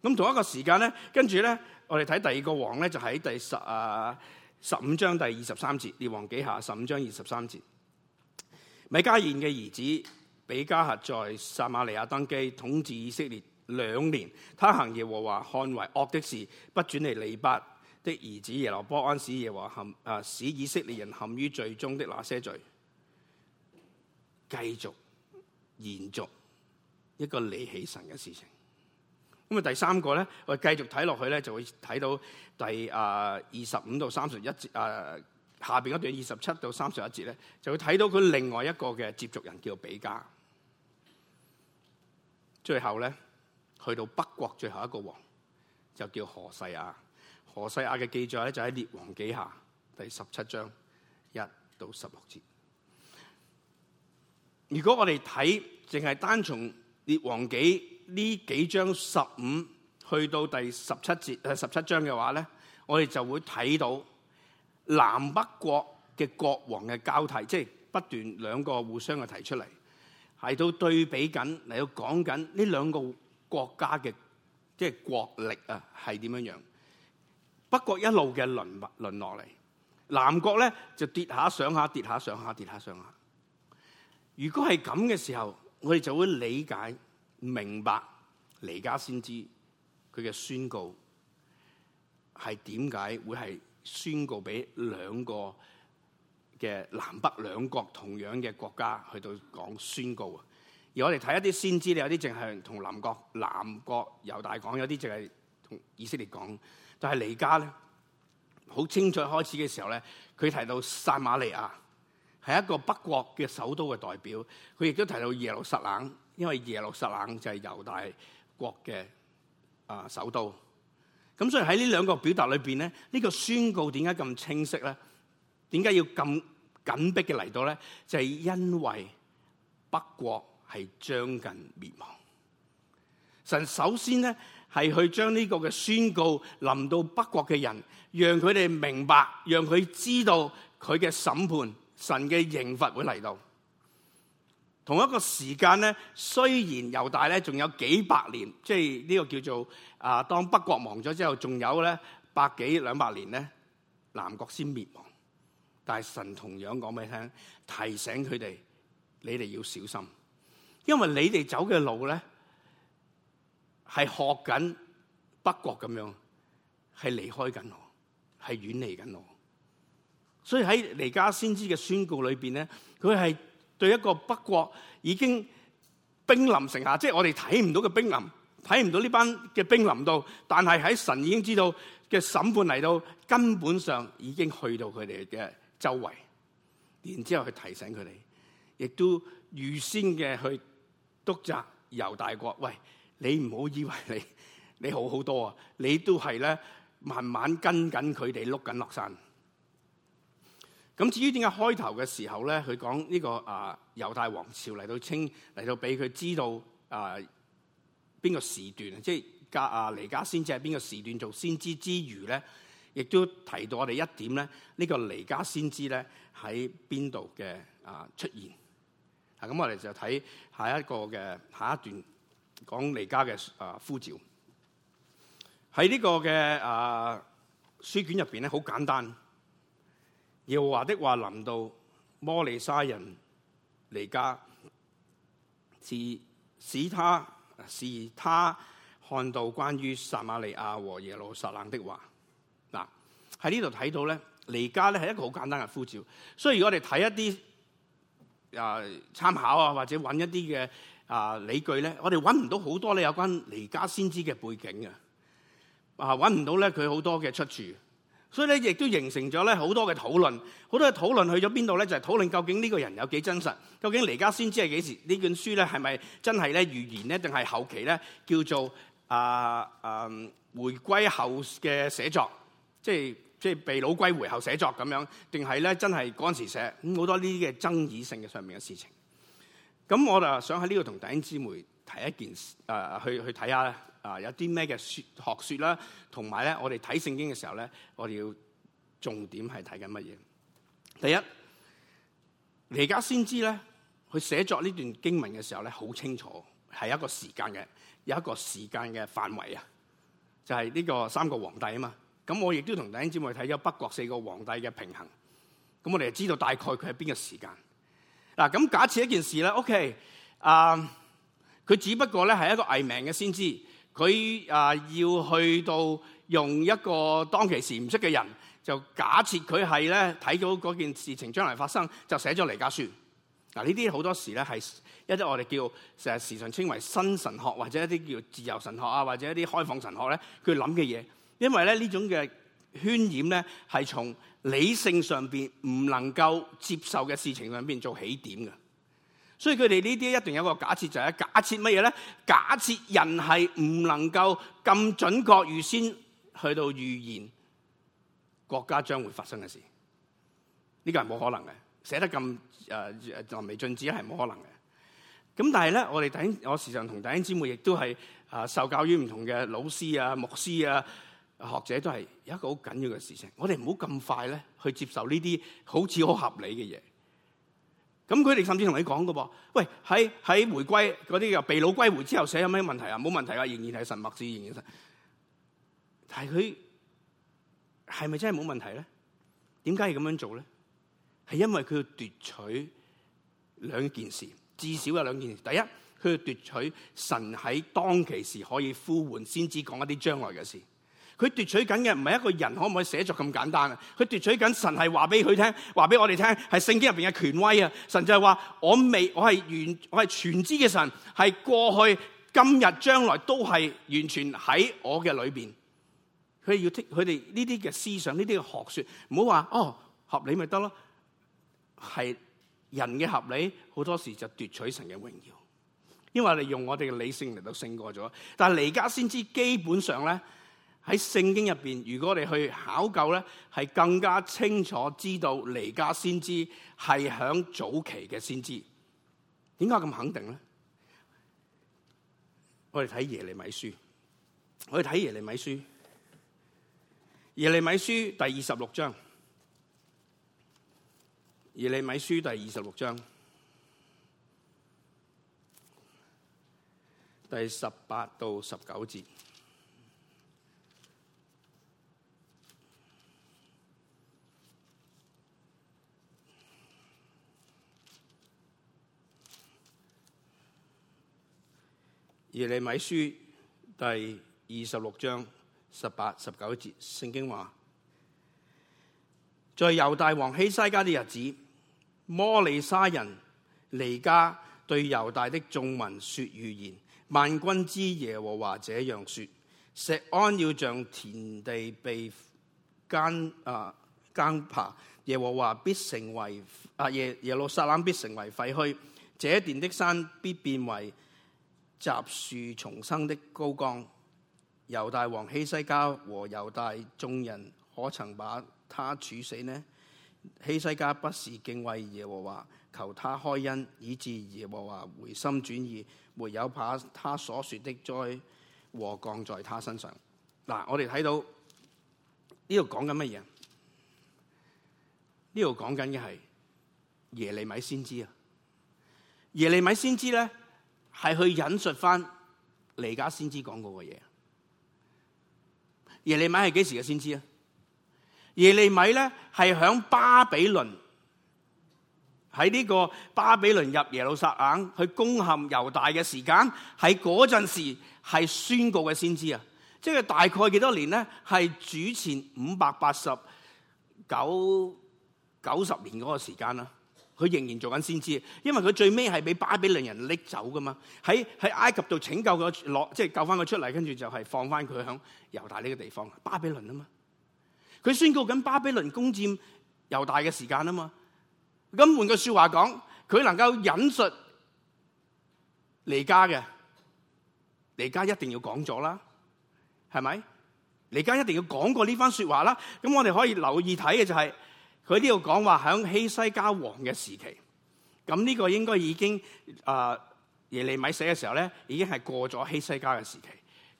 Speaker 1: 咁同一個時間咧，跟住咧，我哋睇第二個王咧，就喺第十啊。十五章第二十三節，列王紀下十五章二十三節。米迦彥嘅兒子比加合在撒馬利亞登基統治以色列兩年，他行耶和華看為惡的事，不轉離尼八的兒子耶羅波安使耶和陷啊，使以色列人陷於罪中的那些罪，繼續延續一個離棄神嘅事情。咁啊，第三個咧，我哋繼續睇落去咧，就會睇到第到啊二十五到三十一節啊，下邊嗰段二十七到三十一節咧，就會睇到佢另外一個嘅接續人叫比加。最後咧，去到北國最後一個王就叫何世亞。何世亞嘅記載咧，就喺、是、列王紀下第十七章一到十六節。如果我哋睇淨係單從列王紀。呢幾章十五去到第十七節，誒十七章嘅話咧，我哋就會睇到南北國嘅國王嘅交替，即係不斷兩個互相嘅提出嚟，係到對比緊嚟到講緊呢兩個國家嘅即係國力啊，係點樣樣？北國一路嘅淪物淪落嚟，南國咧就跌下上下跌下上下跌下上下。如果係咁嘅時候，我哋就會理解。明白彌迦先知佢嘅宣告係點解會，係宣告俾兩個嘅南北兩國同樣嘅國家去到講宣告啊！而我哋睇一啲先知，有啲淨係同南國南國猶大講，有啲淨係同以色列講，但係彌迦咧好清楚開始嘅時候咧，佢提到撒瑪利亞，係一個北國嘅首都嘅代表，佢亦都提到耶路撒冷。因為耶路撒冷就係猶大國嘅啊首都，咁所以喺呢兩個表達裏邊咧，呢個宣告點解咁清晰咧？點解要咁緊迫嘅嚟到咧？就係因為北國係將近滅亡。神首先咧係去將呢個嘅宣告臨到北國嘅人，讓佢哋明白，讓佢哋知道佢嘅審判、神嘅刑罰會嚟到。同一個時間咧，雖然猶大咧仲有幾百年，即係呢個叫做啊，當北國亡咗之後，仲有咧百幾兩百年咧，南國先滅亡。但係神同樣講俾你聽，提醒佢哋：你哋要小心，因為你哋走嘅路咧係學緊北國咁樣，係離開緊我，係遠離緊我。所以喺彌迦先知嘅宣告裏邊咧，佢係。對一個北國已經兵臨城下，即係我哋睇唔到嘅兵臨，睇唔到呢班嘅兵臨到，但係喺神已經知道嘅審判嚟到，根本上已經去到佢哋嘅周圍，然之後去提醒佢哋，亦都預先嘅去督責猶大國，喂，你唔好以為你你好好多啊，你都係咧慢慢跟緊佢哋，碌緊落山。咁至於點解開頭嘅時候咧，佢講呢個啊猶大王朝嚟到清嚟到俾佢知道啊邊、呃、個時段，即係家啊彌迦先知喺邊個時段做先知之餘咧，亦都提到我哋一點咧，呢、這個彌迦先知咧喺邊度嘅啊出現。啊咁，我哋就睇下一個嘅下一段講彌迦嘅啊、呃、呼召。喺呢個嘅啊、呃、書卷入邊咧，好簡單。耶和華的話臨到摩利沙人彌迦，是使他是他看到關於撒瑪利亞和耶路撒冷的話。嗱，喺呢度睇到咧，彌迦咧係一個好簡單嘅呼召。所以我哋睇一啲啊參考啊或者揾一啲嘅啊理據咧，我哋揾唔到好多咧有關彌迦先知嘅背景嘅啊揾唔到咧佢好多嘅出處。所以咧，亦都形成咗咧好多嘅討論，好多嘅討論去咗邊度咧？就係討論究竟呢個人有幾真實？究竟彌迦先知係幾時？呢卷書咧係咪真係咧預言咧，定係後期咧叫做啊啊迴歸後嘅寫作，即係即係被擄歸回後寫作咁樣，定係咧真係嗰陣時寫？咁好多呢啲嘅爭議性嘅上面嘅事情。咁我就想喺呢度同弟兄姊妹提一件事，誒、啊、去去睇下咧。啊！有啲咩嘅學説啦，同埋咧，我哋睇聖經嘅時候咧，我哋要重點係睇緊乜嘢？第一，你而家先知咧，佢寫作呢段經文嘅時候咧，好清楚係一個時間嘅，有一個時間嘅範圍啊，就係呢個三個皇帝啊嘛。咁我亦都同弟兄姐妹睇咗北國四個皇帝嘅平衡。咁我哋就知道大概佢係邊個時間。嗱咁假設一件事咧，OK，啊，佢只不過咧係一個偽名嘅先知。佢啊，佢要去到用一個當其時唔識嘅人，就假設佢係咧睇到嗰件事情將嚟發生，就寫咗離家書。嗱，呢啲好多時咧係一啲我哋叫成日時常稱為新神學或者一啲叫自由神學啊，或者一啲開放神學咧，佢諗嘅嘢。因為咧呢種嘅渲染咧，係從理性上邊唔能夠接受嘅事情上邊做起點嘅。所以佢哋呢啲一定有一個假設就係、是、假設乜嘢咧？假設人係唔能夠咁準確預先去到預言國家將會發生嘅事，呢、這個係冇可能嘅。寫得咁誒誒就未盡止，係冇可能嘅。咁但係咧，我哋弟兄，我時常同弟兄姊妹亦都係啊、呃，受教於唔同嘅老師啊、牧師啊、學者都係有一個好緊要嘅事情。我哋唔好咁快咧去接受呢啲好似好合理嘅嘢。咁佢哋甚至同你講㗎噃，喂，喺喺回歸嗰啲叫被擄歸回之後寫有咩問題啊？冇問題啊，仍然係神默示，仍然神。但係佢係咪真係冇問題咧？點解要咁樣做咧？係因為佢要奪取兩件事，至少有兩件事。第一，佢要奪取神喺當其時可以呼喚，先至講一啲將來嘅事。佢奪取緊嘅唔係一個人可唔可以寫作咁簡單啊？佢奪取緊神係話俾佢聽，話俾我哋聽係聖經入邊嘅權威啊！神就係話：我未，我係完，我係全知嘅神，係過去、今日、將來都係完全喺我嘅裏邊。佢哋要剔佢哋呢啲嘅思想，呢啲嘅學説，唔好話哦合理咪得咯，係人嘅合理好多時就奪取神嘅榮耀，因為你用我哋嘅理性嚟到勝過咗。但係而家先知基本上咧。喺聖經入邊，如果我哋去考究咧，係更加清楚知道彌迦先知係響早期嘅先知。點解咁肯定咧？我哋睇耶利米書，我哋睇耶利米書，耶利米書第二十六章，耶利米書第二十六章，第十八到十九節。耶利米書第二十六章十八十九節，聖經話：在猶大王希西家的日子，摩利沙人彌迦對猶大的眾民說預言。萬軍之耶和華這樣說：錫安要像田地被耕啊耕耙，耶和華必成為啊，耶耶路撒冷必成為廢墟，這地的山必變為。雜樹叢生的高岡，猶大王希西家和猶大眾人可曾把他處死呢？希西家不是敬畏耶和華，求他開恩，以致耶和華回心轉意，沒有把他所說的災禍降在他身上。嗱，我哋睇到呢度講緊乜嘢？呢度講緊嘅係耶利米先知啊，耶利米先知咧。係去引述翻彌迦先知講過嘅嘢，耶利米係幾時嘅先知啊？耶利米咧係響巴比倫，喺呢個巴比倫入耶路撒冷去攻陷猶大嘅時間，喺嗰陣時係宣告嘅先知啊！即係大概幾多年咧？係主前五百八十九九十年嗰個時間啦。佢仍然做緊先知，因為佢最尾係俾巴比倫人拎走噶嘛。喺喺埃及度拯救佢，攞即係救翻佢出嚟，跟住就係放翻佢喺猶大呢個地方。巴比倫啊嘛，佢宣告緊巴比倫攻佔猶大嘅時間啊嘛。咁換句説話講，佢能夠引述彌迦嘅彌迦一定要講咗啦，係咪？彌迦一定要講過呢番説話啦。咁我哋可以留意睇嘅就係、是。佢呢度講話響希西家王嘅時期，咁呢個應該已經誒、呃、耶利米死嘅時候咧，已經係過咗希西家嘅時期。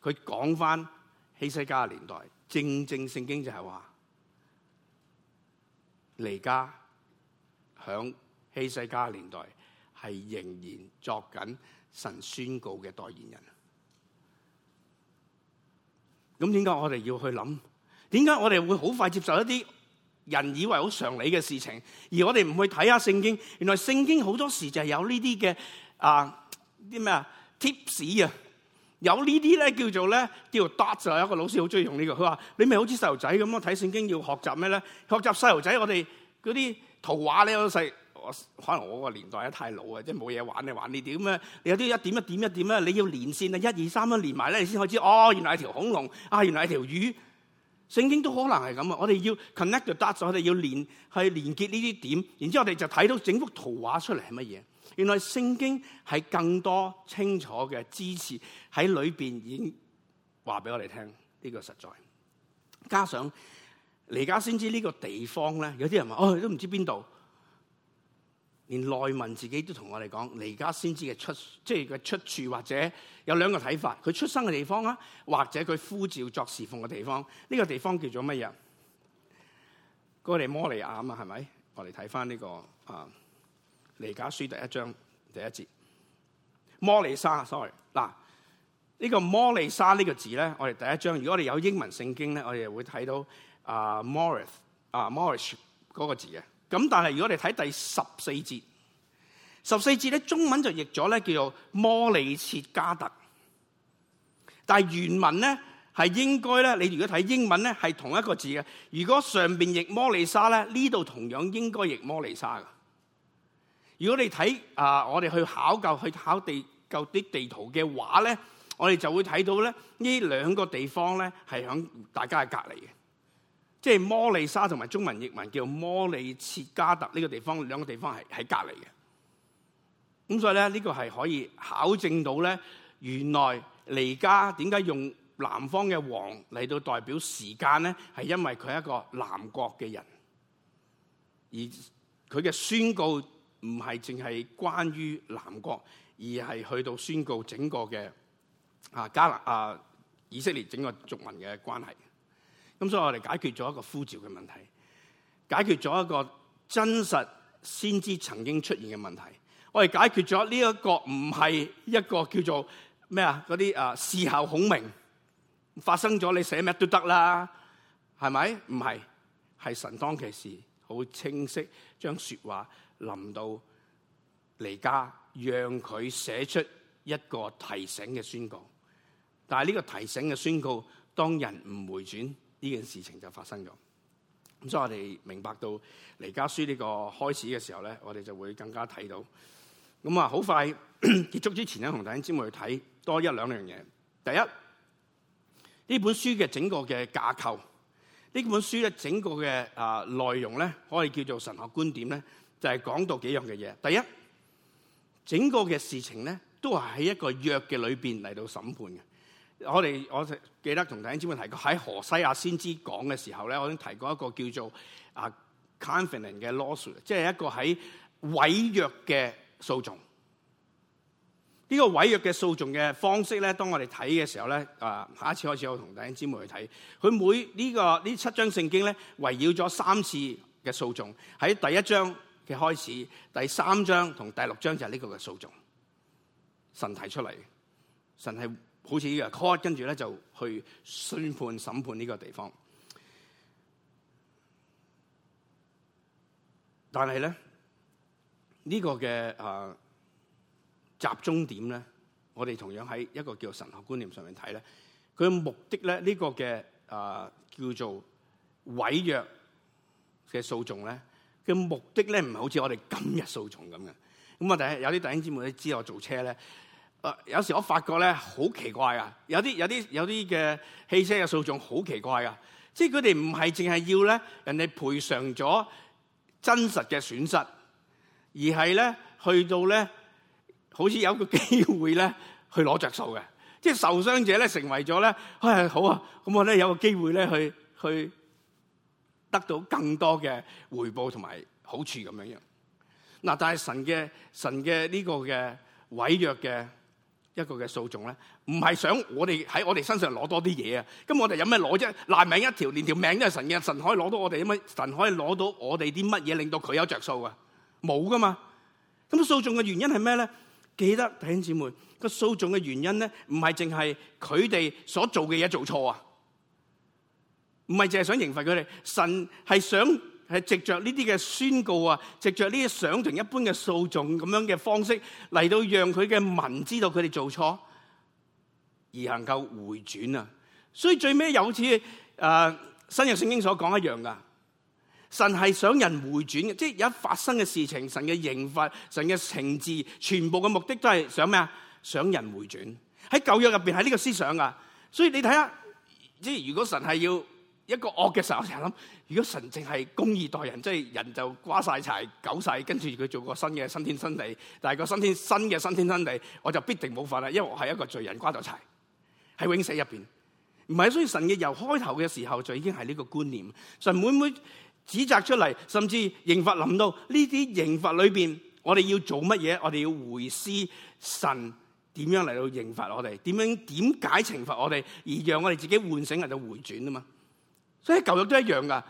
Speaker 1: 佢講翻希西家嘅年代，正正聖經就係話，彌迦響希西家嘅年代係仍然作緊神宣告嘅代言人。咁點解我哋要去諗？點解我哋會好快接受一啲？人以為好常理嘅事情，而我哋唔去睇下聖經。原來聖經好多時就係有呢啲嘅啊啲咩啊 tips 啊，有這些呢啲咧叫做咧叫 dots 啊。一個老師好中意用呢、這個，佢話：你咪好似細路仔咁啊！睇聖經要學習咩咧？學習細路仔，我哋嗰啲圖畫咧，嗰陣時我可能我個年代咧太老啊，即係冇嘢玩你玩你怎麼呢啲咁啊。有啲一點一點一點啊，你要連線啊，一二三啊連埋咧，你先可以知哦。原來係條恐龍啊，原來係條魚。聖經都可能係咁啊！我哋要 connect the dots，我哋要連，去連結呢啲點，然之後我哋就睇到整幅圖畫出嚟係乜嘢。原來聖經係更多清楚嘅支持喺裏邊，在裏面已經話俾我哋聽。呢、這個實在加上而家先知呢個地方咧，有啲人話：哦，都唔知邊度。連內文自己都同我哋講，彌迦先知嘅出，即係嘅出處，或者有兩個睇法，佢出生嘅地方啊，或者佢呼召作侍奉嘅地方，呢個地方叫做乜嘢？嗰個地摩利亞啊嘛，係咪？我哋睇翻呢個啊彌迦書第一章第一節，摩利沙，sorry，嗱呢個摩利沙呢個字咧，我哋第一章，如果我哋有英文聖經咧，我哋就會睇到啊 Morris 啊 Morris 嗰個字嘅。咁但係如果你睇第十四節，十四節咧中文就譯咗咧叫做摩利切加特，但係原文咧係應該咧，你如果睇英文咧係同一個字嘅。如果上面譯摩利沙咧，呢度同樣應該譯摩利沙。㗎如果你睇啊、呃，我哋去考究去考地舊啲地圖嘅話咧，我哋就會睇到咧呢兩個地方咧係響大家嘅隔離嘅。即係摩利沙同埋中文譯文叫摩利切加特呢個地方，兩個地方係喺隔籬嘅。咁所以咧，呢個係可以考證到咧，原來彌迦點解用南方嘅王嚟到代表時間咧？係因為佢係一個南國嘅人，而佢嘅宣告唔係淨係關於南國，而係去到宣告整個嘅啊迦南啊以色列整個族民嘅關係。咁所以我哋解決咗一個呼召嘅問題，解決咗一個真實先知曾經出現嘅問題。我哋解決咗呢一個唔係一個叫做咩啊嗰啲啊事後孔明發生咗你寫咩都得啦，係咪？唔係，係神當其時好清晰將説話臨到彌迦，讓佢寫出一個提醒嘅宣告。但係呢個提醒嘅宣告，當人唔回轉，呢件事情就發生咗，咁所以我哋明白到彌迦書呢個開始嘅時候咧，我哋就會更加睇到。咁啊，好快結束之前咧，同弟兄姊妹去睇多一兩樣嘢。第一，呢本書嘅整個嘅架構，呢本書咧整個嘅啊內容咧，可以叫做神學觀點咧，就係講到幾樣嘅嘢。第一，整個嘅事情咧，都係喺一個約嘅裏邊嚟到審判嘅。我哋我記得同弟兄姐妹提過喺何西阿先知講嘅時候咧，我已經提過一個叫做啊 covenant 嘅 lawsuit 即係一個喺毀約嘅訴訟。呢、這個毀約嘅訴訟嘅方式咧，當我哋睇嘅時候咧，啊下一次開始我同弟兄姐妹去睇。佢每呢、這個呢七章聖經咧，圍繞咗三次嘅訴訟。喺第一章嘅開始，第三章同第六章就係呢個嘅訴訟。神提出嚟，神係。好似呢個 card 跟住咧就去宣判、審判呢個地方。但係咧，呢、這個嘅啊、呃、集中點咧，我哋同樣喺一個叫神學觀念上面睇咧，佢嘅目的咧，呢、這個嘅、呃、叫做毀約嘅訴訟咧，佢嘅目的咧唔係好似我哋今日訴訟咁嘅。咁我第日有啲弟兄姊妹都知我做車咧。誒有時我發覺咧好奇怪啊！有啲有啲有啲嘅汽車嘅訴訟好奇怪啊！即係佢哋唔係淨係要咧人哋賠償咗真實嘅損失，而係咧去到咧好似有個機會咧去攞着數嘅。即係受傷者咧成為咗咧誒好啊！咁我咧有個機會咧去去得到更多嘅回報同埋好處咁樣樣。嗱，但係神嘅神嘅呢個嘅毀約嘅。一個嘅訴訟咧，唔係想我哋喺我哋身上攞多啲嘢啊！咁我哋有咩攞啫？爛命一條，連條命都係神嘅，神可以攞到我哋乜？因為神可以攞到我哋啲乜嘢令到佢有着數啊？冇噶嘛！咁訴訟嘅原因係咩咧？記得弟兄姊妹，個訴訟嘅原因咧，唔係淨係佢哋所做嘅嘢做錯啊，唔係淨係想懲罰佢哋，神係想。係藉着呢啲嘅宣告啊，藉着呢啲想同一般嘅訴訟咁樣嘅方式嚟到，讓佢嘅民知道佢哋做錯而能夠回轉啊！所以最尾又好似誒新約聖經所講一樣噶，神係想人回轉嘅，即係而家發生嘅事情，神嘅刑罰、神嘅懲治，全部嘅目的都係想咩啊？想人回轉，喺舊約入邊係呢個思想啊。所以你睇下，即係如果神係要。一個惡嘅時候，我成日諗：如果神淨係公義待人，即係人就瓜晒柴、絞晒，跟住佢做個新嘅新天新地。但係個新天新嘅新天新地，我就必定冇法啦，因為我係一個罪人瓜咗柴，喺永死入邊。唔係所以神嘅由開頭嘅時候就已經係呢個觀念。神會唔會指責出嚟，甚至刑罰臨到呢啲刑罰裏邊，我哋要做乜嘢？我哋要回思神點樣嚟到刑罰我哋，點樣點解懲罰我哋，而讓我哋自己喚醒人到回轉啊嘛？所以舊約都一樣㗎，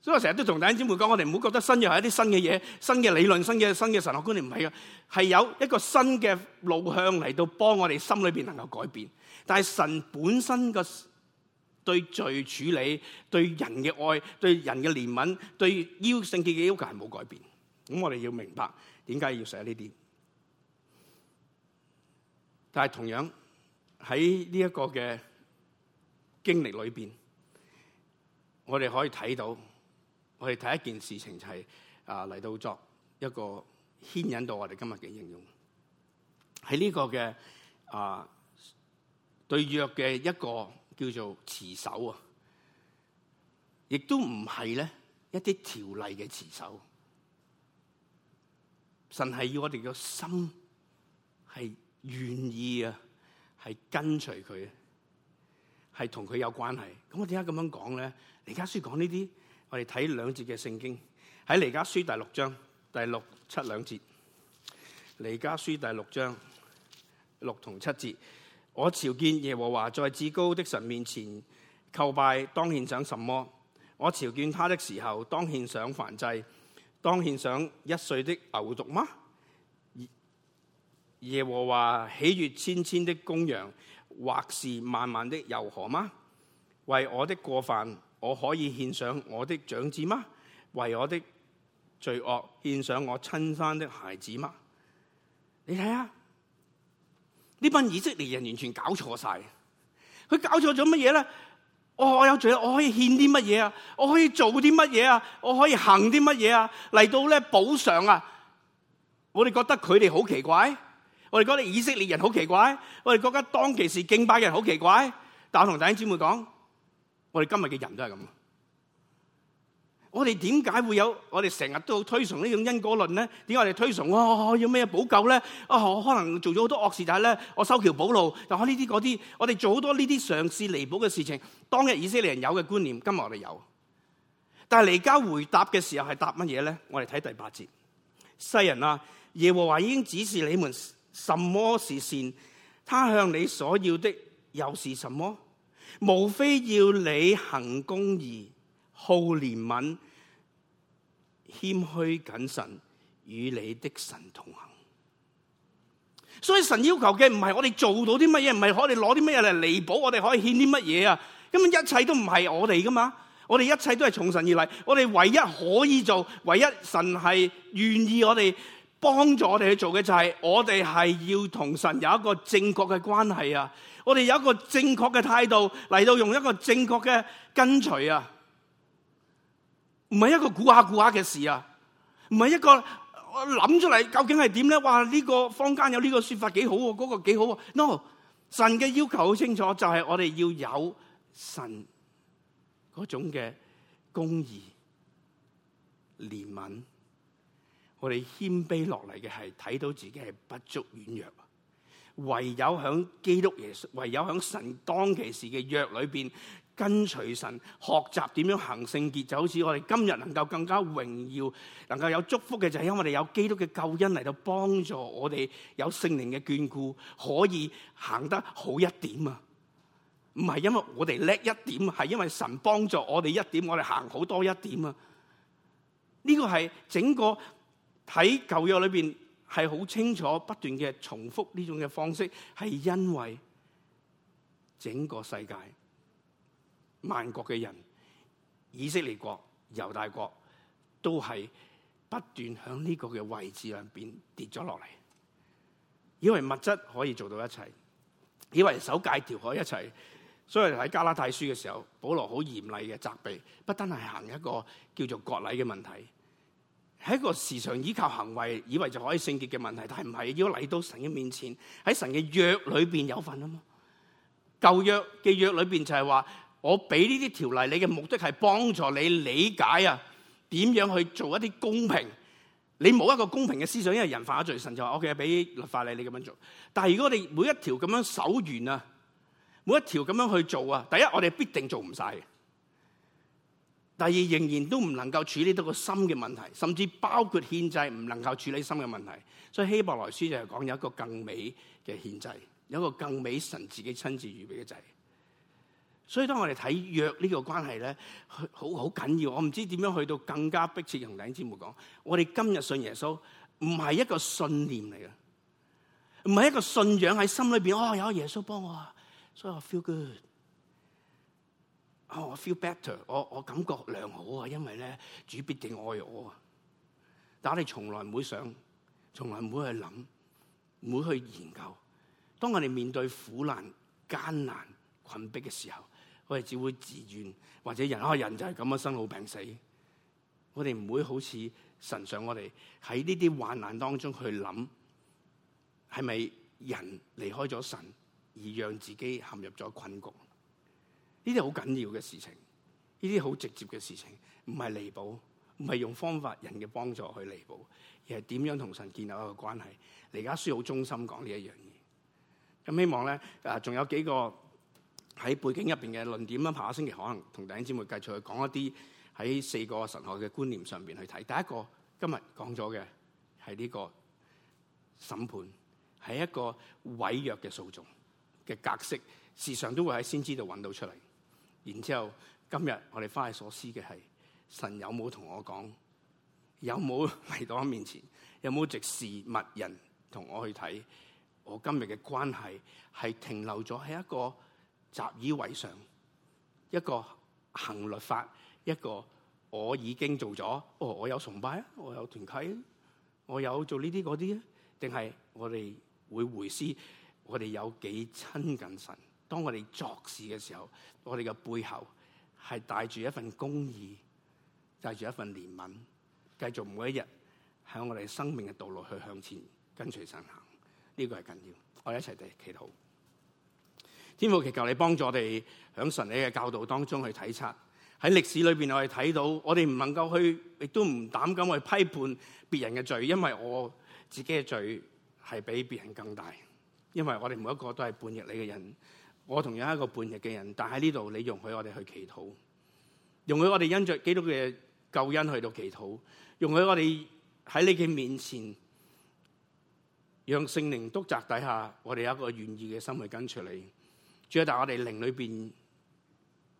Speaker 1: 所以我成日都同弟兄姊妹講，我哋唔好覺得新約係一啲新嘅嘢、新嘅理論、新嘅新嘅神學觀念，唔係㗎，係有一個新嘅路向嚟到幫我哋心裏邊能夠改變。但係神本身嘅對罪處理、對人嘅愛、對人嘅憐憫、對邀聖潔嘅要求係冇改變。咁我哋要明白點解要寫呢啲，但係同樣喺呢一個嘅經歷裏邊。我哋可以睇到，我哋睇一件事情就係、是、啊，嚟到作一個牽引到我哋今日嘅應用，喺呢個嘅啊對約嘅一個叫做持守啊，亦都唔係咧一啲條例嘅持守，神係要我哋個心係願意啊，係跟隨佢，係同佢有關係。咁我點解咁樣講咧？《彌迦書》講呢啲，我哋睇兩節嘅聖經，喺《彌迦書》第六章第六七兩節，《彌迦書》第六章六同七節，我朝見耶和華在至高的神面前叩拜，當獻上什麼？我朝見他的時候，當獻上燔祭，當獻上一歲的牛犢嗎？耶和華喜悅千千的公羊，或是萬萬的油河嗎？為我的過犯。我可以獻上我的長子嗎？為我的罪惡獻上我親生的孩子嗎？你睇下，呢班以色列人完全搞錯晒。佢搞錯咗乜嘢咧？我、哦、我有罪，我可以獻啲乜嘢啊？我可以做啲乜嘢啊？我可以行啲乜嘢啊？嚟到咧補償啊！我哋覺得佢哋好奇怪，我哋覺得以色列人好奇怪，我哋覺得當其時敬拜嘅人好奇怪。但我同弟兄姊妹講。我哋今日嘅人都係咁，我哋點解會有？我哋成日都推崇呢種因果論呢？點解我哋推崇？我、哦、要咩補救呢？啊、哦，我可能做咗好多惡事，就係我修橋補路，我呢啲嗰啲，我哋做好多呢啲嘗試彌補嘅事情。當日以色列人有嘅觀念，今日我哋有，但係而家回答嘅時候係答乜嘢呢？我哋睇第八節，世人啊，耶和華已經指示你們什麼是善，他向你所要的又是什麼？無非要你行公義、好憐憫、謙虛謹慎，與你的神同行。所以神要求嘅唔係我哋做到啲乜嘢，唔係我哋攞啲乜嘢嚟彌補我哋可以獻啲乜嘢啊？因為一切都唔係我哋㗎嘛，我哋一切都係從神而嚟。我哋唯一可以做，唯一神係願意我哋。幫助我哋去做嘅就係，我哋係要同神有一個正確嘅關係啊！我哋有一個正確嘅態度嚟到用一個正確嘅跟隨啊！唔係一個估下估下嘅事啊！唔係一個我諗出嚟究竟係點咧？哇！呢個坊間有呢個說法幾好，嗰個幾好？No，神嘅要求好清楚，就係我哋要有神嗰種嘅公義、憐憫。我哋謙卑落嚟，嘅係睇到自己係不足軟弱，唯有響基督耶穌，唯有響神當其時嘅約裏邊跟隨神，學習點樣行聖潔。就好似我哋今日能夠更加榮耀，能夠有祝福嘅，就係因為我哋有基督嘅救恩嚟到幫助我哋，有聖靈嘅眷顧，可以行得好一點啊！唔係因為我哋叻一點，係因為神幫助我哋一點，我哋行好多一點啊！呢個係整個。睇舊約裏邊係好清楚，不斷嘅重複呢種嘅方式，係因為整個世界萬國嘅人、以色列國、猶大國都係不斷向呢個嘅位置上邊跌咗落嚟，以為物質可以做到一切，以為守誡條可以一齊。所以喺加拉太書嘅時候，保羅好嚴厲嘅責備，不單係行一個叫做國禮嘅問題。係一個時常依靠行為，以為就可以聖潔嘅問題，但係唔係如果嚟到神嘅面前，喺神嘅約裏邊有份啊嘛？舊約嘅約裏邊就係話，我俾呢啲條例，你嘅目的係幫助你理解啊，點樣去做一啲公平。你冇一個公平嘅思想，因為人犯咗罪，神就話：O.K.，俾律法你，你咁樣做。但係如果我哋每一條咁樣守完啊，每一條咁樣去做啊，第一我哋必定做唔晒第二，仍然都唔能夠處理到個心嘅問題，甚至包括憲制唔能夠處理心嘅問題。所以希伯來書就係講有一個更美嘅憲制，有一個更美神自己親自預備嘅制。所以當我哋睇約呢個關係咧，好好緊要。我唔知點樣去到更加迫切。用兩字嚟講，我哋今日信耶穌唔係一個信念嚟嘅，唔係一個信仰喺心裏邊。哦，有耶穌幫我，所以我 feel good。啊！我、oh, feel better，我我感覺良好啊，因為咧主必定愛我啊。但係我哋從來唔會想，從來唔會去諗，唔會去研究。當我哋面對苦難、艱難、困逼嘅時候，我哋只會自怨或者人啊，人就係咁樣生老病死。我哋唔會好似神想我哋喺呢啲患難當中去諗，係咪人離開咗神而讓自己陷入咗困局？呢啲好緊要嘅事情，呢啲好直接嘅事情，唔係彌補，唔係用方法人嘅幫助去彌補，而係點樣同神建立一個關係。而家需要好忠心講呢一樣嘢。咁希望咧，誒，仲有幾個喺背景入邊嘅論點啦。下個星期可能同弟兄姊妹繼續去講一啲喺四個神學嘅觀念上邊去睇。第一個今日講咗嘅係呢個審判係一個毀約嘅訴訟嘅格式，時常都會喺先知度揾到出嚟。然之後今日我哋翻去所思嘅係神有冇同我講，有冇嚟到我面前，有冇直視物人同我去睇我今日嘅關係係停留咗喺一個習以為常，一個行律法，一個我已經做咗，哦，我有崇拜啊，我有團契啊，我有做呢啲嗰啲啊，定係我哋會回思，我哋有幾親近神？當我哋作事嘅時候，我哋嘅背後係帶住一份公義，帶住一份憐憫，繼續每一日向我哋生命嘅道路去向前跟隨神行，呢、這個係緊要。我哋一齊地祈禱，天父祈求你幫助我哋，響神你嘅教導當中去體察。喺歷史裏邊我哋睇到，我哋唔能夠去，亦都唔膽敢去批判別人嘅罪，因為我自己嘅罪係比別人更大。因為我哋每一個都係叛逆你嘅人。我同樣係一個半日嘅人，但喺呢度你容許我哋去祈禱，容許我哋因着基督嘅救恩去到祈禱，容許我哋喺你嘅面前，讓聖靈督責底下，我哋有一個願意嘅心去跟隨你。主要但我哋靈裏面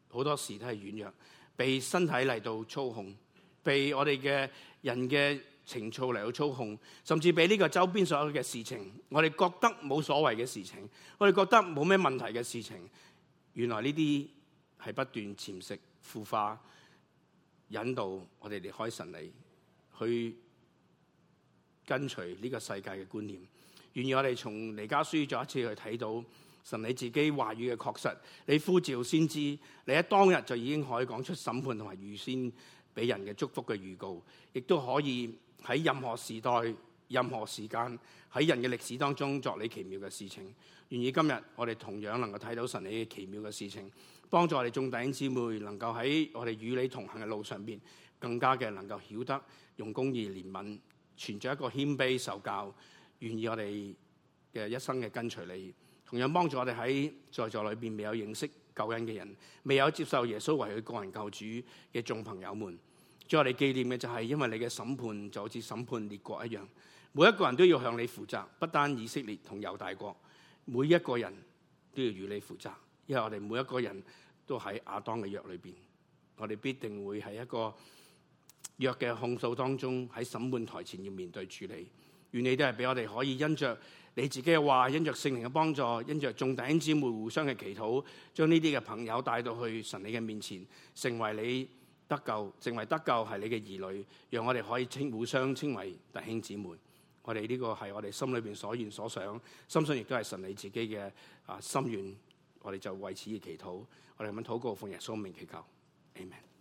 Speaker 1: 好多時都係軟弱，被身體嚟到操控，被我哋嘅人嘅。情操嚟到操控，甚至俾呢個周邊所有嘅事情，我哋覺得冇所謂嘅事情，我哋覺得冇咩問題嘅事情，原來呢啲係不斷潛蝕腐化，引導我哋離開神理，去跟隨呢個世界嘅觀念。然而我哋從彌迦書再一次去睇到神你自己話語嘅確實，你呼召先知，你喺當日就已經可以講出審判同埋預先俾人嘅祝福嘅預告，亦都可以。喺任何時代、任何時間，喺人嘅歷史當中作你奇妙嘅事情。願意今日，我哋同樣能夠睇到神你嘅奇妙嘅事情，幫助我哋眾弟兄姊妹能夠喺我哋與你同行嘅路上邊，更加嘅能夠曉得用公義憐憫傳着一個謙卑受教，願意我哋嘅一生嘅跟隨你。同樣幫助我哋在，在，在座裏面未有認識救恩嘅人，未有接受耶穌為佢個人救主嘅眾朋友們。最後你紀念嘅就係，因為你嘅審判就好似審判列國一樣，每一個人都要向你負責，不單以色列同猶大國，每一個人都要與你負責，因為我哋每一個人都喺亞當嘅約裏面，我哋必定會喺一個約嘅控訴當中喺審判台前要面對處理，願你都係俾我哋可以因着你自己嘅話，因着聖靈嘅幫助，因着眾弟兄姐妹互相嘅祈禱，將呢啲嘅朋友帶到去神你嘅面前，成為你。得救，成為得救係你嘅兒女，讓我哋可以稱互相稱為弟兄姊妹。我哋呢個係我哋心裏面所願所想，深信亦都係神你自己嘅心願。我哋就為此而祈禱，我哋咁禱告奉耶穌名祈求，阿門。